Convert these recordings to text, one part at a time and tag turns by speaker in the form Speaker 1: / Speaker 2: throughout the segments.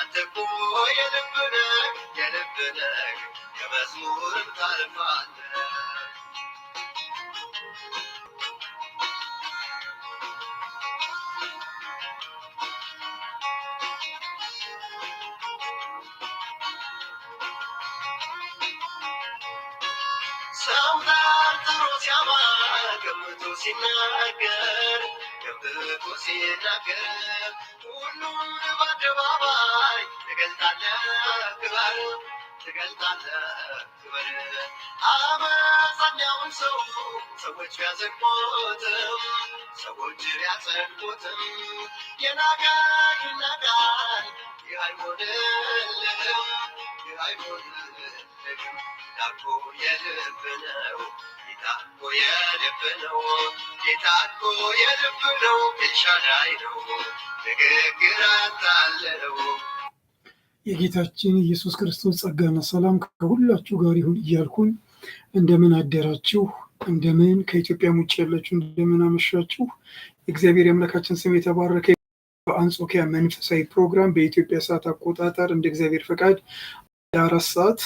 Speaker 1: አንተ እኮ የልብ ነህ የልብ ነህ ከመዝሙርም ታልፋለህ። ሰው ጠርጥሮ ሲያማ ገምቶ ሲናገር ገብቶ ሲናገር ሁሉም በአደባባይ ትገልጣለህ ክበር ትገልጣለህ ክበር። አመፀኛውን ሰው ሰዎች ቢያጸድቁትም ሰዎች ቢያጸድቁትም የናቀ ይናቃል። ይህ አይሆንልህም፣ ይህ አይሆንልህም። ዳቦ የልብ ነው ጌታኮ የልብ ነው፣ ጌታኮ የልብ ነው፣ ኤልሻዳይ ነው፣ ንግግር አታለለው።
Speaker 2: የጌታችን ኢየሱስ ክርስቶስ ጸጋና ሰላም ከሁላችሁ ጋር ይሁን እያልኩኝ እንደምን አደራችሁ፣ እንደምን ከኢትዮጵያ ውጭ ያላችሁ እንደምን አመሻችሁ። እግዚአብሔር የአምላካችን ስም የተባረከ። በአንጾኪያ መንፈሳዊ ፕሮግራም በኢትዮጵያ ሰዓት አቆጣጠር እንደ እግዚአብሔር ፈቃድ አራት ሰዓት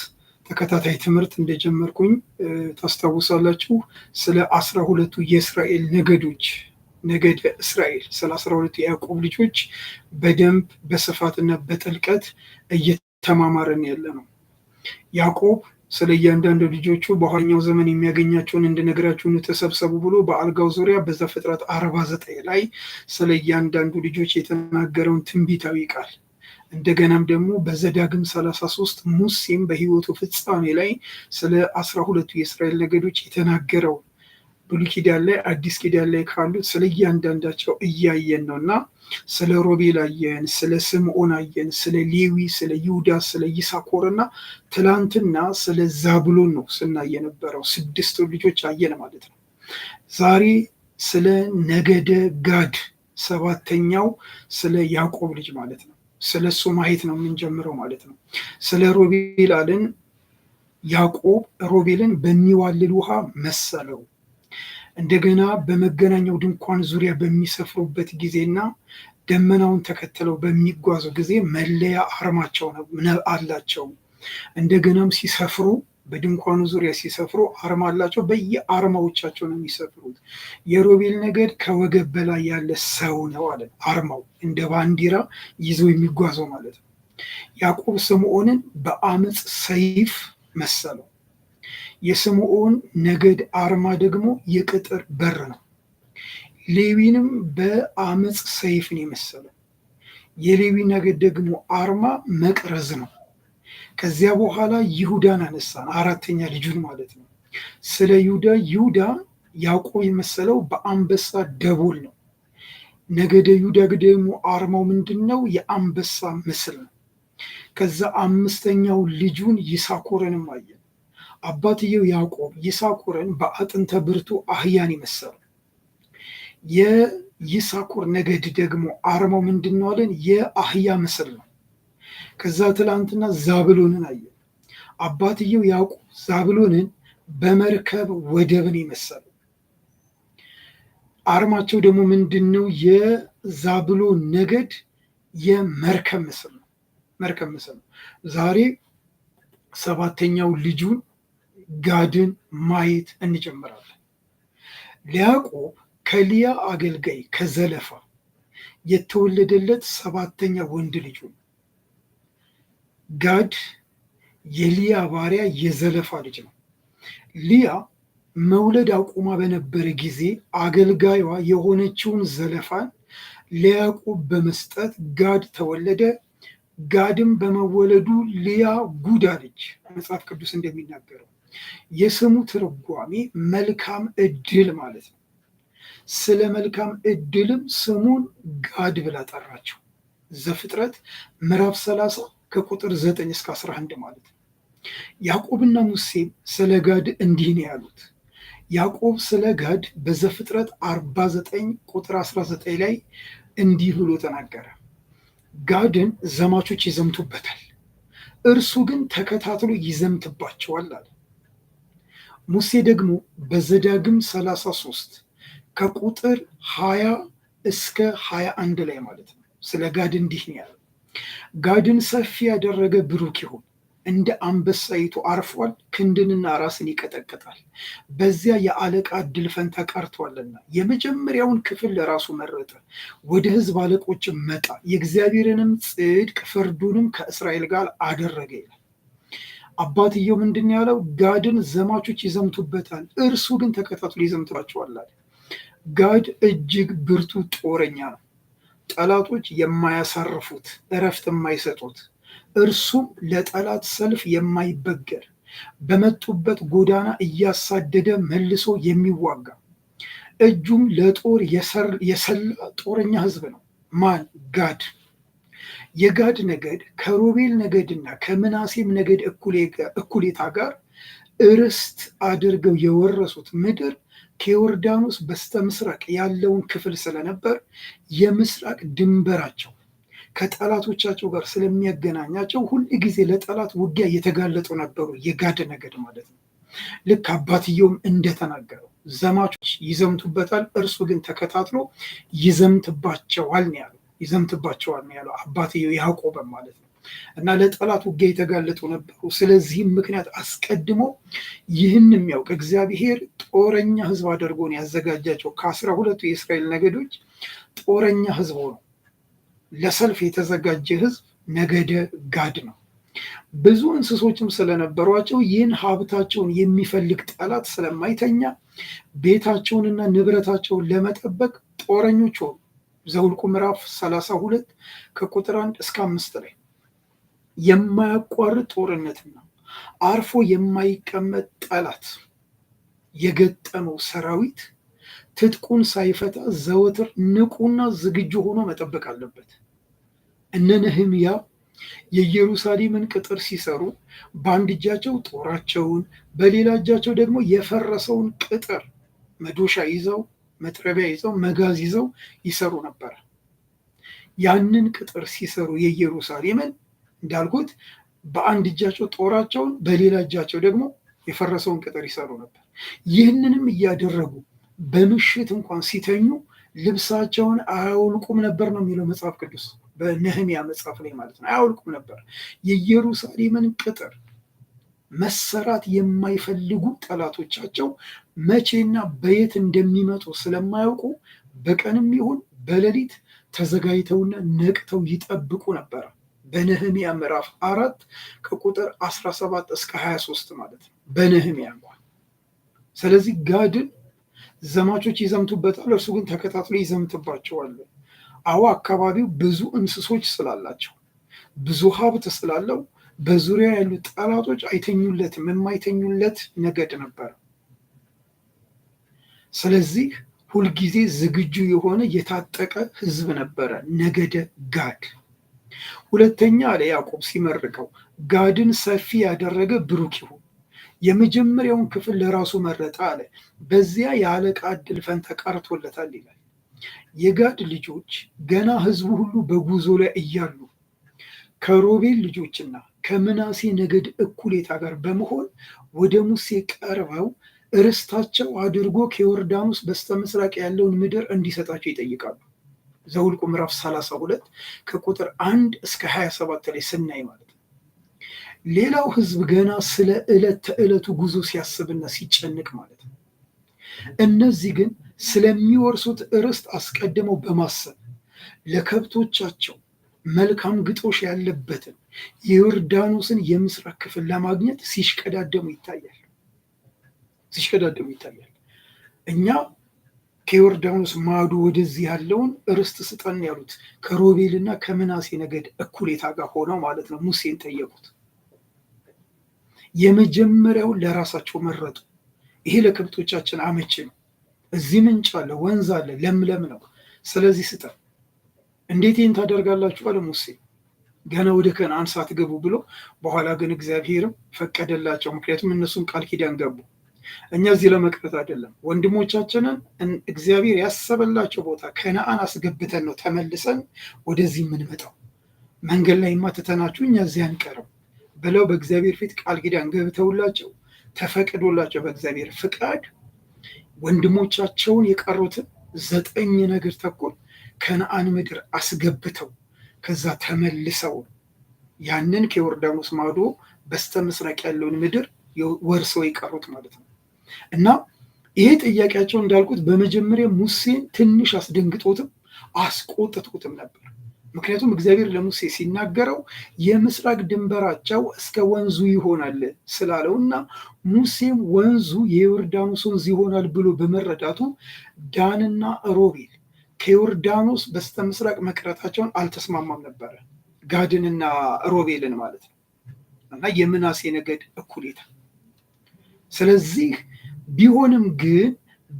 Speaker 2: ተከታታይ ትምህርት እንደጀመርኩኝ ታስታውሳላችሁ። ስለ አስራ ሁለቱ የእስራኤል ነገዶች ነገደ እስራኤል ስለ አስራ ሁለቱ የያዕቆብ ልጆች በደንብ በስፋትና በጥልቀት እየተማማረን ያለ ነው። ያዕቆብ ስለ እያንዳንዱ ልጆቹ በኋለኛው ዘመን የሚያገኛቸውን እንድነግራችሁን ተሰብሰቡ ብሎ በአልጋው ዙሪያ ፍጥረት አርባ ዘጠኝ ላይ ስለ እያንዳንዱ ልጆች የተናገረውን ትንቢታዊ ቃል እንደገናም ደግሞ በዘዳግም 33 ሙሴም በህይወቱ ፍጻሜ ላይ ስለ አስራ ሁለቱ የእስራኤል ነገዶች የተናገረው ብሉይ ኪዳን ላይ አዲስ ኪዳን ላይ ካሉት ስለ እያንዳንዳቸው እያየን ነው እና ስለ ሮቤል አየን፣ ስለ ስምዖን አየን፣ ስለ ሌዊ፣ ስለ ይሁዳ፣ ስለ ይሳኮር እና ትላንትና ስለ ዛብሎን ነው ስናየ የነበረው ስድስቱ ልጆች አየን ማለት ነው። ዛሬ ስለ ነገደ ጋድ ሰባተኛው ስለ ያዕቆብ ልጅ ማለት ነው። ስለ እሱ ማየት ነው የምንጀምረው ማለት ነው። ስለ ሮቤል አለን ያዕቆብ ሮቤልን በሚዋልል ውሃ መሰለው። እንደገና በመገናኛው ድንኳን ዙሪያ በሚሰፍሩበት ጊዜና ደመናውን ተከትለው በሚጓዙ ጊዜ መለያ አርማቸው አላቸው። እንደገናም ሲሰፍሩ በድንኳኑ ዙሪያ ሲሰፍሩ አርማ አላቸው። በየአርማዎቻቸው ነው የሚሰፍሩት። የሮቤል ነገድ ከወገብ በላይ ያለ ሰው ነው አለ። አርማው እንደ ባንዲራ ይዞ የሚጓዘው ማለት ነው። ያዕቆብ ስምዖንን በአመፅ ሰይፍ መሰለው። የስምዖን ነገድ አርማ ደግሞ የቅጥር በር ነው። ሌዊንም በአመፅ ሰይፍን የመሰለው። የሌዊ ነገድ ደግሞ አርማ መቅረዝ ነው። ከዚያ በኋላ ይሁዳን አነሳን፣ አራተኛ ልጁን ማለት ነው። ስለ ይሁዳ ይሁዳ ያዕቆብ የመሰለው በአንበሳ ደቦል ነው። ነገደ ይሁዳ ደግሞ አርማው ምንድን ነው? የአንበሳ ምስል ነው። ከዛ አምስተኛው ልጁን ይሳኮረንም አየን። አባትየው ያዕቆብ ይሳኮረን በአጥንተ ብርቱ አህያን የመሰለው የይሳኮር ነገድ ደግሞ አርማው ምንድን ነው አለን? የአህያ ምስል ነው። ከዛ ትላንትና ዛብሎንን አየን። አባትየው ያውቁ ዛብሎንን በመርከብ ወደብን ይመሰሉ። አርማቸው ደግሞ ምንድን ነው? የዛብሎን ነገድ የመርከብ ምስል ነው። መርከብ ምስል ነው። ዛሬ ሰባተኛው ልጁን ጋድን ማየት እንጀምራለን። ለያዕቆብ ከሊያ አገልጋይ ከዘለፋ የተወለደለት ሰባተኛ ወንድ ልጁ ነው። ጋድ የሊያ ባሪያ የዘለፋ ልጅ ነው። ሊያ መውለድ አቁማ በነበረ ጊዜ አገልጋይዋ የሆነችውን ዘለፋን ለያዕቆብ በመስጠት ጋድ ተወለደ። ጋድም በመወለዱ ሊያ ጉድ አለች፣ መጽሐፍ ቅዱስ እንደሚናገረው። የስሙ ትርጓሜ መልካም እድል ማለት ነው። ስለ መልካም እድልም ስሙን ጋድ ብላ ጠራቸው። ዘፍጥረት ምዕራፍ ሰላሳ። ከቁጥር ዘጠኝ እስከ አንድ ማለት ነው። ያዕቆብና ሙሴ ስለ ጋድ እንዲህ ነው ያሉት። ያዕቆብ ስለ ጋድ በዘፍጥረት ዘጠኝ ቁጥር ዘጠኝ ላይ እንዲህ ብሎ ተናገረ። ጋድን ዘማቾች ይዘምቱበታል፣ እርሱ ግን ተከታትሎ ይዘምትባቸዋል አለ። ሙሴ ደግሞ በዘዳግም 33 ከቁጥር 20 እስከ 21 ላይ ማለት ነው ስለ ጋድ እንዲህ ነው ያለው ጋድን ሰፊ ያደረገ ብሩክ ይሁን። እንደ አንበሳይቱ አርፏል፣ ክንድንና ራስን ይቀጠቅጣል። በዚያ የአለቃ እድል ፈንታ ቀርቷልና የመጀመሪያውን ክፍል ለራሱ መረጠ። ወደ ህዝብ አለቆች መጣ፣ የእግዚአብሔርንም ጽድቅ ፍርዱንም ከእስራኤል ጋር አደረገ ይላል። አባትየው ምንድን ያለው? ጋድን ዘማቾች ይዘምቱበታል፣ እርሱ ግን ተከታትሎ ይዘምትባቸዋል። ጋድ እጅግ ብርቱ ጦረኛ ነው። ጠላቶች የማያሳርፉት እረፍት የማይሰጡት እርሱም ለጠላት ሰልፍ የማይበገር በመጡበት ጎዳና እያሳደደ መልሶ የሚዋጋ እጁም ለጦር የሰላ ጦረኛ ህዝብ ነው። ማን ጋድ። የጋድ ነገድ ከሮቤል ነገድና ከምናሴም ነገድ እኩሌታ ጋር እርስት አድርገው የወረሱት ምድር ከዮርዳኖስ በስተምስራቅ ያለውን ክፍል ስለነበር የምስራቅ ድንበራቸው ከጠላቶቻቸው ጋር ስለሚያገናኛቸው ሁል ጊዜ ለጠላት ውጊያ የተጋለጡ ነበሩ። የጋድ ነገድ ማለት ነው። ልክ አባትየውም እንደተናገረው ዘማቾች ይዘምቱበታል፣ እርሱ ግን ተከታትሎ ይዘምትባቸዋል ነው ያለው። ይዘምትባቸዋል ነው ያለው አባትየው ያዕቆብም ማለት ነው። እና ለጠላት ውጊያ የተጋለጡ ነበሩ። ስለዚህም ምክንያት አስቀድሞ ይህን የሚያውቅ እግዚአብሔር ጦረኛ አድርጎ አድርጎን ያዘጋጃቸው ከአስራ ሁለቱ የእስራኤል ነገዶች ጦረኛ ህዝብ ሆኖ ለሰልፍ የተዘጋጀ ህዝብ ነገደ ጋድ ነው። ብዙ እንስሶችም ስለነበሯቸው ይህን ሀብታቸውን የሚፈልግ ጠላት ስለማይተኛ ቤታቸውንና ንብረታቸውን ለመጠበቅ ጦረኞች ሆኑ። ዘውልቁ ምዕራፍ 32 ከቁጥር 1 እስከ አምስት ላይ የማያቋርጥ ጦርነትና አርፎ የማይቀመጥ ጠላት የገጠመው ሰራዊት ትጥቁን ሳይፈታ ዘወትር ንቁና ዝግጁ ሆኖ መጠበቅ አለበት። እነ ነህምያ የኢየሩሳሌምን ቅጥር ሲሰሩ በአንድ እጃቸው ጦራቸውን፣ በሌላ እጃቸው ደግሞ የፈረሰውን ቅጥር መዶሻ ይዘው፣ መጥረቢያ ይዘው፣ መጋዝ ይዘው ይሰሩ ነበር። ያንን ቅጥር ሲሰሩ የኢየሩሳሌምን እንዳልኩት በአንድ እጃቸው ጦራቸውን በሌላ እጃቸው ደግሞ የፈረሰውን ቅጥር ይሰሩ ነበር። ይህንንም እያደረጉ በምሽት እንኳን ሲተኙ ልብሳቸውን አያውልቁም ነበር ነው የሚለው መጽሐፍ ቅዱስ በነህሚያ መጽሐፍ ላይ ማለት ነው። አያውልቁም ነበር። የኢየሩሳሌምን ቅጥር መሰራት የማይፈልጉ ጠላቶቻቸው መቼና በየት እንደሚመጡ ስለማያውቁ በቀንም ይሁን በሌሊት ተዘጋጅተውና ነቅተው ይጠብቁ ነበር። በነህሚያ ምዕራፍ አራት ከቁጥር 17 እስከ 23 ማለት ነው። በነህሚያ እንኳን ስለዚህ ጋድን ዘማቾች ይዘምቱበታል፣ እርሱ ግን ተከታትሎ ይዘምትባቸዋል። አዋ አካባቢው ብዙ እንስሶች ስላላቸው ብዙ ሀብት ስላለው በዙሪያ ያሉ ጠላቶች አይተኙለትም። የማይተኙለት ነገድ ነበረ። ስለዚህ ሁልጊዜ ዝግጁ የሆነ የታጠቀ ህዝብ ነበረ ነገደ ጋድ። ሁለተኛ አለ ያዕቆብ ሲመርቀው ጋድን ሰፊ ያደረገ ብሩክ ይሁን የመጀመሪያውን ክፍል ለራሱ መረጠ አለ። በዚያ የአለቃ ዕድል ፈንታ ቀርቶለታል ይላል። የጋድ ልጆች ገና ህዝቡ ሁሉ በጉዞ ላይ እያሉ ከሮቤል ልጆችና ከምናሴ ነገድ እኩሌታ ጋር በመሆን ወደ ሙሴ ቀርበው ርስታቸው አድርጎ ከዮርዳኖስ በስተምስራቅ ያለውን ምድር እንዲሰጣቸው ይጠይቃሉ። ዘውልቁ ምዕራፍ 32 ከቁጥር አንድ እስከ 27 ላይ ስናይ ማለት ነው። ሌላው ህዝብ ገና ስለ ዕለት ተዕለቱ ጉዞ ሲያስብና ሲጨንቅ ማለት ነው። እነዚህ ግን ስለሚወርሱት ርስት አስቀድመው በማሰብ ለከብቶቻቸው መልካም ግጦሽ ያለበትን የዮርዳኖስን የምስራቅ ክፍል ለማግኘት ሲሽቀዳደሙ ይታያል ሲሽቀዳደሙ ይታያል። እኛ ከዮርዳኖስ ማዶ ወደዚህ ያለውን ርስት ስጠን ያሉት ከሮቤልና ከምናሴ ነገድ እኩሌታ ጋር ሆነው ማለት ነው ሙሴን ጠየቁት። የመጀመሪያውን ለራሳቸው መረጡ። ይሄ ለከብቶቻችን አመቺ ነው። እዚህ ምንጭ አለ፣ ወንዝ አለ፣ ለምለም ነው። ስለዚህ ስጠን። እንዴት ይህን ታደርጋላችሁ? አለ ሙሴ። ገና ወደ ከነአን ሳትገቡ ብሎ በኋላ ግን እግዚአብሔርም ፈቀደላቸው። ምክንያቱም እነሱን ቃል ኪዳን ገቡ። እኛ እዚህ ለመቅረት አይደለም። ወንድሞቻችንን እግዚአብሔር ያሰበላቸው ቦታ ከነአን አስገብተን ነው ተመልሰን ወደዚህ የምንመጣው። መንገድ ላይ ማትተናችሁ እኛ እዚህ አንቀርም ብለው በእግዚአብሔር ፊት ቃል ኪዳን ገብተውላቸው ተፈቅዶላቸው በእግዚአብሔር ፍቃድ ወንድሞቻቸውን የቀሩትን ዘጠኝ ነገር ተኩል ከነአን ምድር አስገብተው ከዛ ተመልሰው ያንን ከዮርዳኖስ ማዶ በስተ ምስራቅ ያለውን ምድር ወርሰው የቀሩት ማለት ነው። እና ይሄ ጥያቄያቸው እንዳልኩት በመጀመሪያ ሙሴን ትንሽ አስደንግጦትም አስቆጥቶትም ነበር። ምክንያቱም እግዚአብሔር ለሙሴ ሲናገረው የምስራቅ ድንበራቸው እስከ ወንዙ ይሆናል ስላለው እና ሙሴም ወንዙ የዮርዳኖስ ወንዝ ይሆናል ብሎ በመረዳቱ ዳንና ሮቤል ከዮርዳኖስ በስተ ምስራቅ መቅረታቸውን አልተስማማም ነበረ። ጋድንና ሮቤልን ማለት ነው እና የምናሴ ነገድ እኩሌታ ስለዚህ ቢሆንም ግን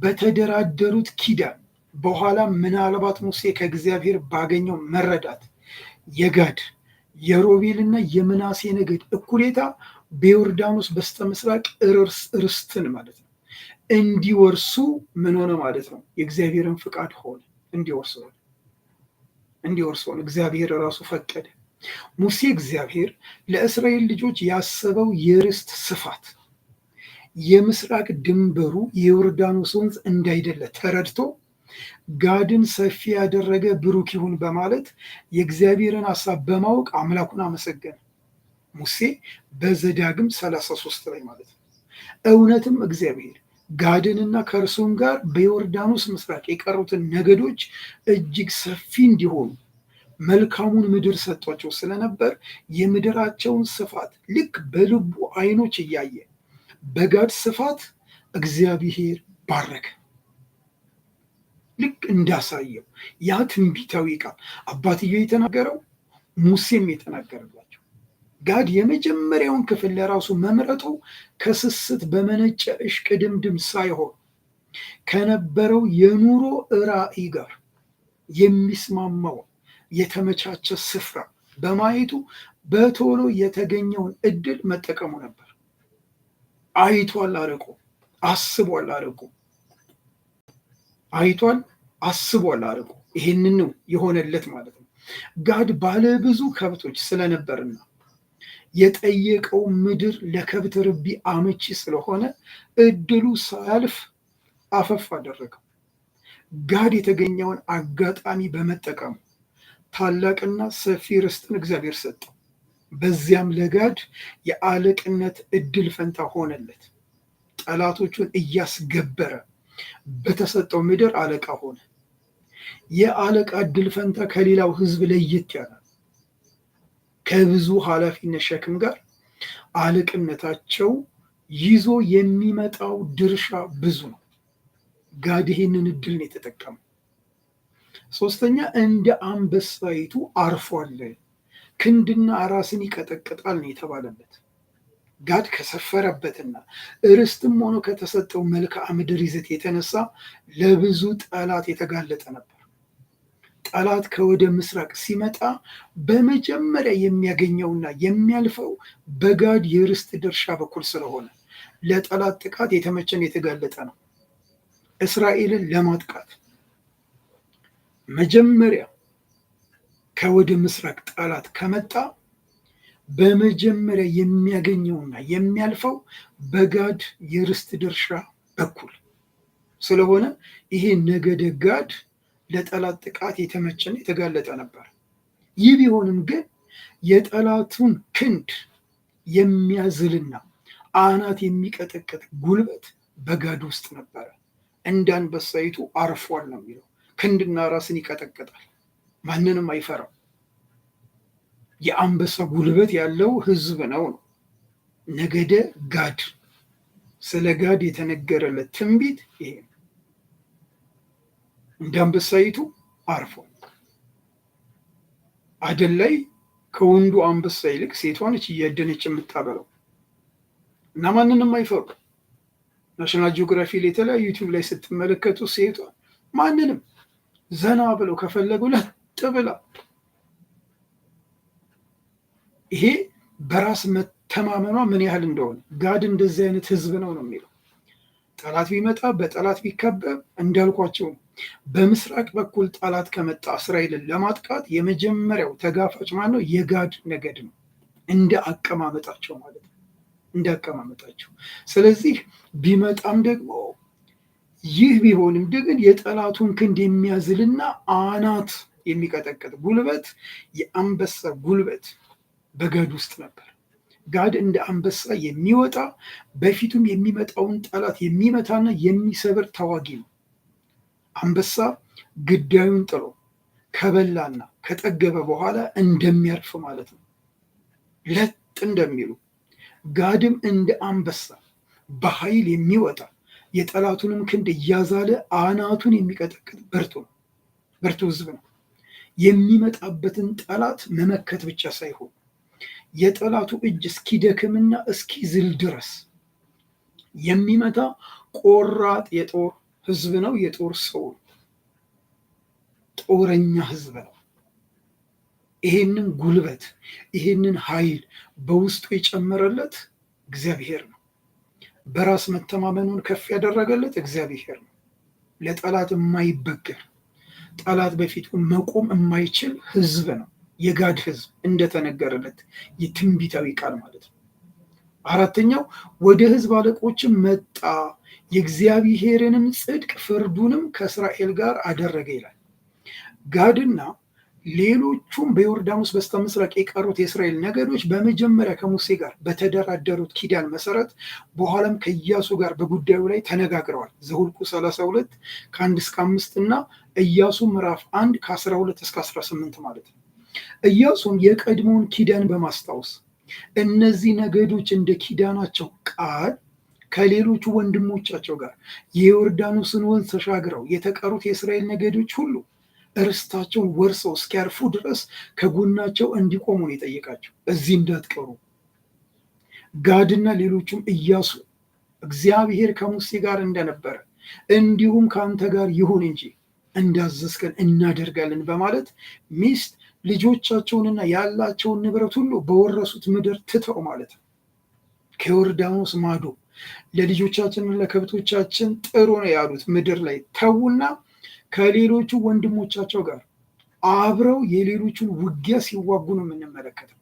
Speaker 2: በተደራደሩት ኪዳን በኋላ ምናልባት ሙሴ ከእግዚአብሔር ባገኘው መረዳት የጋድ የሮቤልና የምናሴ ነገድ እኩሌታ በዮርዳኖስ በስተ ምስራቅ ርስትን ማለት ነው እንዲወርሱ ምን ሆነ ማለት ነው? የእግዚአብሔርን ፍቃድ ሆነ እንዲወርሱ ሆነ እንዲወርሱ ሆነ። እግዚአብሔር ራሱ ፈቀደ። ሙሴ እግዚአብሔር ለእስራኤል ልጆች ያሰበው የርስት ስፋት የምስራቅ ድንበሩ የዮርዳኖስ ወንዝ እንዳይደለ ተረድቶ ጋድን ሰፊ ያደረገ ብሩክ ይሁን በማለት የእግዚአብሔርን ሀሳብ በማወቅ አምላኩን አመሰገነ። ሙሴ በዘዳግም 33 ላይ ማለት ነው። እውነትም እግዚአብሔር ጋድንና ከእርሱም ጋር በዮርዳኖስ ምስራቅ የቀሩትን ነገዶች እጅግ ሰፊ እንዲሆኑ መልካሙን ምድር ሰጧቸው ስለነበር የምድራቸውን ስፋት ልክ በልቡ አይኖች እያየ በጋድ ስፋት እግዚአብሔር ባረከ። ልክ እንዳሳየው ያ ትንቢታዊ ቃል አባትየው የተናገረው ሙሴም የተናገረላቸው ጋድ የመጀመሪያውን ክፍል ለራሱ መምረጡ ከስስት በመነጨ እሽቅ ድምድም ሳይሆን ከነበረው የኑሮ ራዕይ ጋር የሚስማማው የተመቻቸ ስፍራ በማየቱ በቶሎ የተገኘውን እድል መጠቀሙ ነበር። አይቷል አርቆ አስቧል አርቆ አይቷል አስቧል አርቆ ይህንን ነው የሆነለት ማለት ነው። ጋድ ባለ ብዙ ከብቶች ስለነበርና የጠየቀው ምድር ለከብት ርቢ አመቺ ስለሆነ እድሉ ሳያልፍ አፈፍ አደረገው። ጋድ የተገኘውን አጋጣሚ በመጠቀሙ ታላቅና ሰፊ ርስትን እግዚአብሔር ሰጠው። በዚያም ለጋድ የአለቅነት እድል ፈንታ ሆነለት። ጠላቶቹን እያስገበረ በተሰጠው ምድር አለቃ ሆነ። የአለቃ እድል ፈንታ ከሌላው ህዝብ ለየት ያላል። ከብዙ ኃላፊነት ሸክም ጋር አለቅነታቸው ይዞ የሚመጣው ድርሻ ብዙ ነው። ጋድ ይህንን እድል ነው የተጠቀመው። ሶስተኛ እንደ አንበሳይቱ አርፏል። ክንድና ራስን ይቀጠቅጣል ነው የተባለበት። ጋድ ከሰፈረበትና እርስትም ሆኖ ከተሰጠው መልክዓ ምድር ይዘት የተነሳ ለብዙ ጠላት የተጋለጠ ነበር። ጠላት ከወደ ምስራቅ ሲመጣ በመጀመሪያ የሚያገኘውና የሚያልፈው በጋድ የርስት ድርሻ በኩል ስለሆነ ለጠላት ጥቃት የተመቸን የተጋለጠ ነው። እስራኤልን ለማጥቃት መጀመሪያ ከወደ ምስራቅ ጠላት ከመጣ በመጀመሪያ የሚያገኘውና የሚያልፈው በጋድ የርስት ድርሻ በኩል ስለሆነ ይሄ ነገደ ጋድ ለጠላት ጥቃት የተመቸና የተጋለጠ ነበር። ይህ ቢሆንም ግን የጠላቱን ክንድ የሚያዝልና አናት የሚቀጠቅጥ ጉልበት በጋድ ውስጥ ነበረ። እንደ አንበሳይቱ አርፏል ነው የሚለው። ክንድና ራስን ይቀጠቅጣል፣ ማንንም አይፈራም። የአንበሳ ጉልበት ያለው ህዝብ ነው ነው ነገደ ጋድ ስለ ጋድ የተነገረለት ትንቢት ይሄ ነው። እንደ አንበሳይቱ አርፎ አደን ላይ ከወንዱ አንበሳ ይልቅ ሴቷ ነች እያደነች የምታበላው እና ማንንም አይፈሩ። ናሽናል ጂኦግራፊ ላይ የተለያዩ ዩቲዩብ ላይ ስትመለከቱ ሴቷ ማንንም ዘና ብለው ከፈለጉ ለጥ ብላ ይሄ በራስ መተማመኗ ምን ያህል እንደሆነ ጋድ እንደዚህ አይነት ህዝብ ነው ነው የሚለው። ጠላት ቢመጣ በጠላት ቢከበብ እንዳልኳቸው በምስራቅ በኩል ጠላት ከመጣ እስራኤልን ለማጥቃት የመጀመሪያው ተጋፋጭ ማን ነው? የጋድ ነገድ ነው። እንደ አቀማመጣቸው ማለት ነው፣ እንደ አቀማመጣቸው። ስለዚህ ቢመጣም ደግሞ ይህ ቢሆንም ደግን የጠላቱን ክንድ የሚያዝልና አናት የሚቀጠቅጥ ጉልበት የአንበሳ ጉልበት በጋድ ውስጥ ነበር። ጋድ እንደ አንበሳ የሚወጣ በፊቱም የሚመጣውን ጠላት የሚመታና የሚሰብር ታዋጊ ነው። አንበሳ ግዳዩን ጥሎ ከበላና ከጠገበ በኋላ እንደሚያርፍ ማለት ነው። ለጥ እንደሚሉ ጋድም እንደ አንበሳ በኃይል የሚወጣ የጠላቱንም ክንድ እያዛለ አናቱን የሚቀጠቅጥ ብርቱ ነው። ብርቱ ህዝብ ነው። የሚመጣበትን ጠላት መመከት ብቻ ሳይሆን የጠላቱ እጅ እስኪደክምና እስኪዝል ድረስ የሚመታ ቆራጥ የጦር ህዝብ ነው። የጦር ሰው ነው። ጦረኛ ህዝብ ነው። ይሄንን ጉልበት ይሄንን ኃይል በውስጡ የጨመረለት እግዚአብሔር ነው። በራስ መተማመኑን ከፍ ያደረገለት እግዚአብሔር ነው። ለጠላት የማይበገር ጠላት በፊቱ መቆም የማይችል ህዝብ ነው። የጋድ ህዝብ እንደተነገረለት የትንቢታዊ ቃል ማለት ነው። አራተኛው ወደ ህዝብ አለቆችም መጣ የእግዚአብሔርንም ጽድቅ ፍርዱንም ከእስራኤል ጋር አደረገ ይላል። ጋድና ሌሎቹም በዮርዳኖስ በስተምስራቅ የቀሩት የእስራኤል ነገዶች በመጀመሪያ ከሙሴ ጋር በተደራደሩት ኪዳን መሰረት በኋላም ከኢያሱ ጋር በጉዳዩ ላይ ተነጋግረዋል። ዘሁልቁ 32 ከ1 እስከ 5 እና ኢያሱ ምዕራፍ 1 ከ12 እስከ 18 ማለት ነው። ኢያሱም የቀድሞውን ኪዳን በማስታወስ እነዚህ ነገዶች እንደ ኪዳናቸው ቃል ከሌሎቹ ወንድሞቻቸው ጋር የዮርዳኖስን ወንዝ ተሻግረው የተቀሩት የእስራኤል ነገዶች ሁሉ እርስታቸውን ወርሰው እስኪያርፉ ድረስ ከጎናቸው እንዲቆሙ ነው የጠየቃቸው። እዚህ እንዳትቀሩ። ጋድና ሌሎቹም ኢያሱ እግዚአብሔር ከሙሴ ጋር እንደነበረ እንዲሁም ከአንተ ጋር ይሁን እንጂ እንዳዘዝከን እናደርጋለን በማለት ሚስት ልጆቻቸውንና ያላቸውን ንብረት ሁሉ በወረሱት ምድር ትተው ማለት ነው ከዮርዳኖስ ማዶ ለልጆቻችንና ለከብቶቻችን ጥሩ ነው ያሉት ምድር ላይ ተዉና ከሌሎቹ ወንድሞቻቸው ጋር አብረው የሌሎቹን ውጊያ ሲዋጉ ነው የምንመለከተው።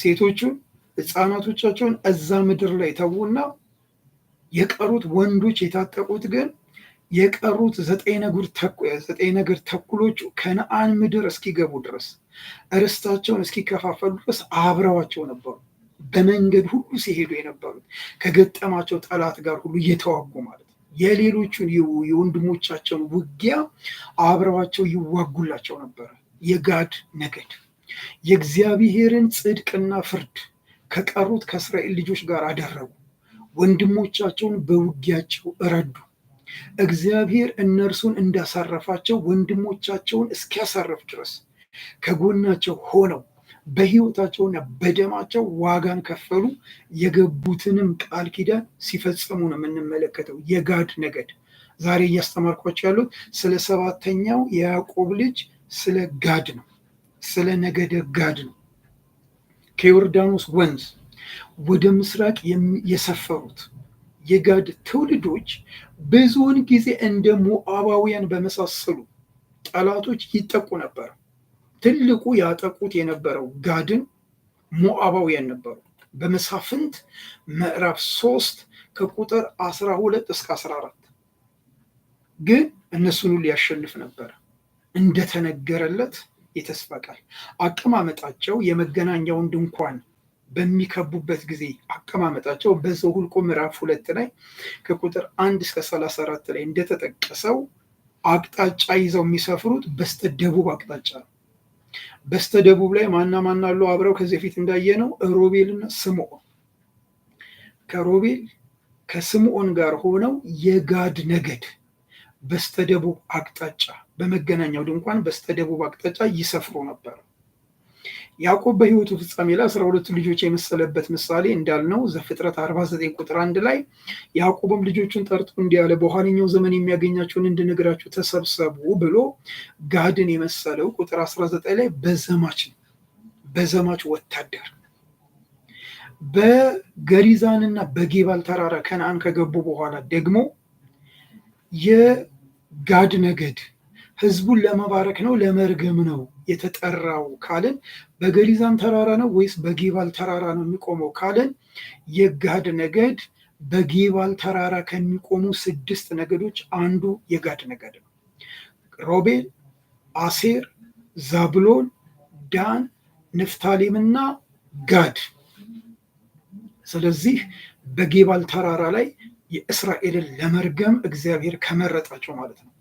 Speaker 2: ሴቶቹን ህፃናቶቻቸውን እዛ ምድር ላይ ተዉና የቀሩት ወንዶች የታጠቁት ግን የቀሩት ዘጠኝ ነገር ተኩሎቹ ከነአን ምድር እስኪገቡ ድረስ እርስታቸውን እስኪከፋፈሉ ድረስ አብረዋቸው ነበሩ። በመንገድ ሁሉ ሲሄዱ የነበሩት ከገጠማቸው ጠላት ጋር ሁሉ እየተዋጉ ማለት ነው። የሌሎቹን የወንድሞቻቸውን ውጊያ አብረዋቸው ይዋጉላቸው ነበረ። የጋድ ነገድ የእግዚአብሔርን ጽድቅና ፍርድ ከቀሩት ከእስራኤል ልጆች ጋር አደረጉ። ወንድሞቻቸውን በውጊያቸው እረዱ። እግዚአብሔር እነርሱን እንዳሳረፋቸው ወንድሞቻቸውን እስኪያሳረፍ ድረስ ከጎናቸው ሆነው በህይወታቸውና በደማቸው ዋጋን ከፈሉ። የገቡትንም ቃል ኪዳን ሲፈጽሙ ነው የምንመለከተው። የጋድ ነገድ ዛሬ እያስተማርኳቸው ያሉት ስለ ሰባተኛው የያዕቆብ ልጅ ስለ ጋድ ነው። ስለ ነገደ ጋድ ነው። ከዮርዳኖስ ወንዝ ወደ ምስራቅ የሰፈሩት የጋድ ትውልዶች ብዙውን ጊዜ እንደ ሞዓባውያን በመሳሰሉ ጠላቶች ይጠቁ ነበር። ትልቁ ያጠቁት የነበረው ጋድን ሞዓባውያን ነበሩ። በመሳፍንት ምዕራፍ ሶስት ከቁጥር 12 እስከ 14 ግን እነሱን ሊያሸንፍ ነበር እንደተነገረለት የተስፋ ቃል አቀማመጣቸው የመገናኛውን ድንኳን በሚከቡበት ጊዜ አቀማመጣቸው በዘኍልቍ ምዕራፍ ሁለት ላይ ከቁጥር አንድ እስከ ሰላሳ አራት ላይ እንደተጠቀሰው አቅጣጫ ይዘው የሚሰፍሩት በስተደቡብ አቅጣጫ ነው። ደቡብ ላይ ማና ማና አሉ? አብረው ከዚህ ፊት እንዳየነው ሮቤልና ስምዖን ከሮቤል ከስምዖን ጋር ሆነው የጋድ ነገድ በስተደቡብ አቅጣጫ በመገናኛው ድንኳን በስተደቡብ አቅጣጫ ይሰፍሩ ነበር። ያዕቆብ በህይወቱ ፍጻሜ ላይ አስራ ሁለቱ ልጆች የመሰለበት ምሳሌ እንዳልነው ዘፍጥረት 49 ቁጥር አንድ ላይ ያዕቆብም ልጆቹን ጠርቶ እንዲህ አለ፣ በኋለኛው ዘመን የሚያገኛቸውን እንድነግራችሁ ተሰብሰቡ ብሎ ጋድን የመሰለው ቁጥር 19 ላይ በዘማች በዘማች ወታደር በገሪዛንና በጌባል ተራራ ከነአን ከገቡ በኋላ ደግሞ የጋድ ነገድ ህዝቡን ለመባረክ ነው ለመርገም ነው የተጠራው ካልን በገሪዛን ተራራ ነው ወይስ በጌባል ተራራ ነው የሚቆመው ካልን የጋድ ነገድ በጌባል ተራራ ከሚቆሙ ስድስት ነገዶች አንዱ የጋድ ነገድ ነው። ሮቤል፣ አሴር፣ ዛብሎን፣ ዳን፣ እና ጋድ። ስለዚህ በጌባል ተራራ ላይ የእስራኤልን ለመርገም እግዚአብሔር ከመረጣቸው ማለት ነው።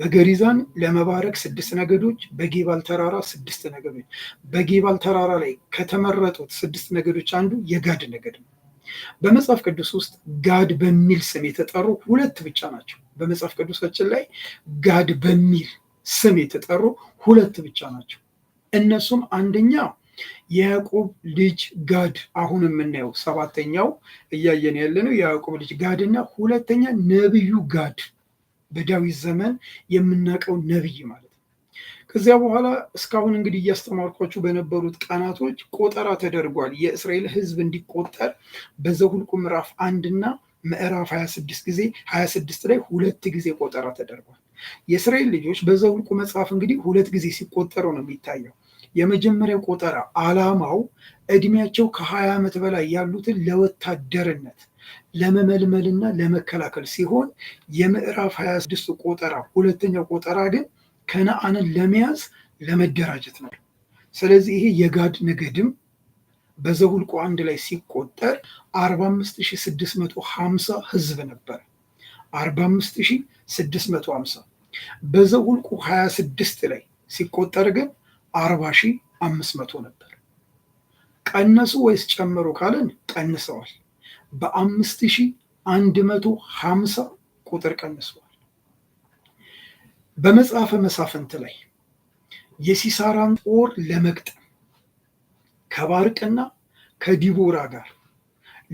Speaker 2: በገሪዛን ለመባረክ ስድስት ነገዶች፣ በጌባል ተራራ ስድስት ነገዶች። በጌባል ተራራ ላይ ከተመረጡት ስድስት ነገዶች አንዱ የጋድ ነገድ ነው። በመጽሐፍ ቅዱስ ውስጥ ጋድ በሚል ስም የተጠሩ ሁለት ብቻ ናቸው። በመጽሐፍ ቅዱሳችን ላይ ጋድ በሚል ስም የተጠሩ ሁለት ብቻ ናቸው። እነሱም አንደኛ የያዕቆብ ልጅ ጋድ አሁን የምናየው ሰባተኛው እያየን ያለነው የያዕቆብ ልጅ ጋድ እና ሁለተኛ ነብዩ ጋድ በዳዊት ዘመን የምናውቀው ነቢይ ማለት ነው። ከዚያ በኋላ እስካሁን እንግዲህ እያስተማርኳችሁ በነበሩት ቀናቶች ቆጠራ ተደርጓል። የእስራኤል ሕዝብ እንዲቆጠር በዘሁልቁ ምዕራፍ አንድ እና ምዕራፍ 26 ጊዜ 26 ላይ ሁለት ጊዜ ቆጠራ ተደርጓል። የእስራኤል ልጆች በዘሁልቁ መጽሐፍ እንግዲህ ሁለት ጊዜ ሲቆጠሩ ነው የሚታየው። የመጀመሪያው ቆጠራ አላማው እድሜያቸው ከ ዓመት በላይ ያሉትን ለወታደርነት ለመመልመልና ለመከላከል ሲሆን የምዕራፍ 26 ቆጠራ ሁለተኛው ቆጠራ ግን ከነአንን ለመያዝ ለመደራጀት ነው። ስለዚህ ይሄ የጋድ ነገድም በዘኍልቍ አንድ ላይ ሲቆጠር 45650 ህዝብ ነበር። 45650 በዘሁልቁ 26 ላይ ሲቆጠር ግን 40500 ነበር። ቀነሱ ወይስ ጨመሩ ካለን ቀንሰዋል። በአምስት ሺህ አንድ መቶ ሀምሳ ቁጥር ቀንሷል። በመጽሐፈ መሳፍንት ላይ የሲሳራን ጦር ለመግጠም ከባርቅና ከዲቦራ ጋር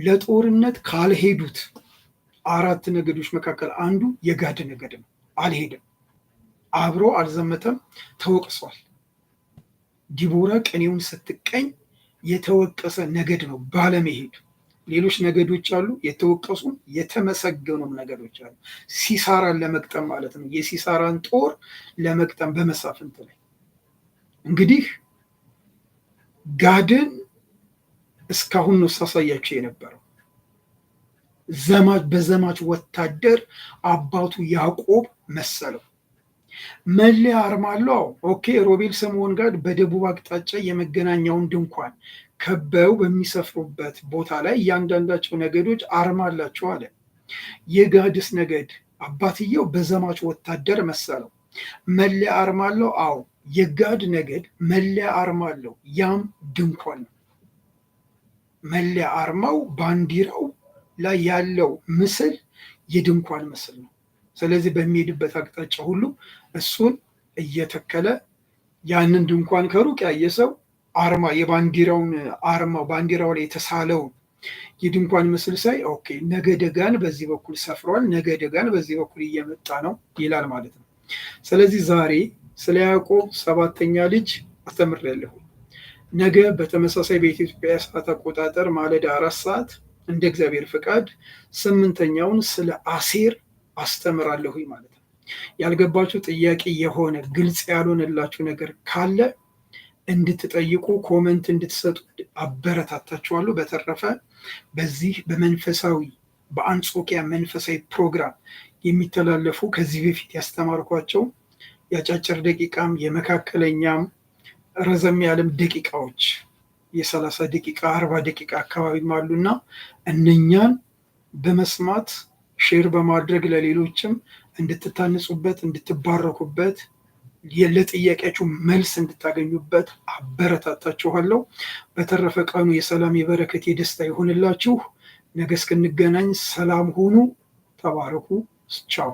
Speaker 2: ለጦርነት ካልሄዱት አራት ነገዶች መካከል አንዱ የጋድ ነገድ ነው። አልሄድም፣ አብሮ አልዘመተም፣ ተወቅሷል። ዲቦራ ቅኔውን ስትቀኝ የተወቀሰ ነገድ ነው ባለመሄዱ ሌሎች ነገዶች አሉ፣ የተወቀሱም የተመሰገኑም ነገዶች አሉ። ሲሳራን ለመግጠም ማለት ነው። የሲሳራን ጦር ለመግጠም በመሳፍንት ላይ እንግዲህ ጋድን እስካሁን ነው ሳሳያቸው የነበረው ዘማች በዘማች ወታደር አባቱ ያዕቆብ መሰለው። መለያ አርማ አለው። ኦኬ ሮቤል ስምዖን ጋድ በደቡብ አቅጣጫ የመገናኛውን ድንኳን ከበው በሚሰፍሩበት ቦታ ላይ እያንዳንዳቸው ነገዶች አርማ አላቸው አለ። የጋድስ ነገድ አባትየው በዘማች ወታደር መሰለው። መለያ አርማ አለው። አዎ የጋድ ነገድ መለያ አርማ አለው። ያም ድንኳን ነው። መለያ አርማው ባንዲራው ላይ ያለው ምስል የድንኳን ምስል ነው። ስለዚህ በሚሄድበት አቅጣጫ ሁሉ እሱን እየተከለ ያንን ድንኳን ከሩቅ ያየ ሰው አርማ የባንዲራውን አርማ ባንዲራው ላይ የተሳለውን የድንኳን ምስል ሳይ ኦኬ ነገደጋን በዚህ በኩል ሰፍሯል፣ ነገደጋን በዚህ በኩል እየመጣ ነው ይላል ማለት ነው። ስለዚህ ዛሬ ስለ ያዕቆብ ሰባተኛ ልጅ አስተምሬያለሁ። ነገ በተመሳሳይ በኢትዮጵያ ሰዓት አቆጣጠር ማለዳ አራት ሰዓት እንደ እግዚአብሔር ፍቃድ ስምንተኛውን ስለ አሴር አስተምራለሁኝ ማለት ነው። ያልገባችሁ ጥያቄ የሆነ ግልጽ ያልሆነላችሁ ነገር ካለ እንድትጠይቁ ኮመንት እንድትሰጡ አበረታታችኋለሁ። በተረፈ በዚህ በመንፈሳዊ በአንጾኪያ መንፈሳዊ ፕሮግራም የሚተላለፉ ከዚህ በፊት ያስተማርኳቸው የአጫጭር ደቂቃም የመካከለኛም ረዘም ያለም ደቂቃዎች የሰላሳ ደቂቃ አርባ ደቂቃ አካባቢም አሉና እነኛን በመስማት ሼር በማድረግ ለሌሎችም እንድትታንጹበት እንድትባረኩበት ለጥያቄያችሁ መልስ እንድታገኙበት አበረታታችኋለሁ። በተረፈ ቀኑ የሰላም የበረከት የደስታ ይሆንላችሁ። ነገ እስክንገናኝ ሰላም ሁኑ። ተባረኩ። ቻው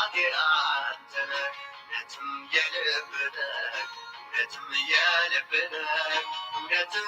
Speaker 2: እውነትም የልብ ነህ እውነትም የልብ ነህ እውነትም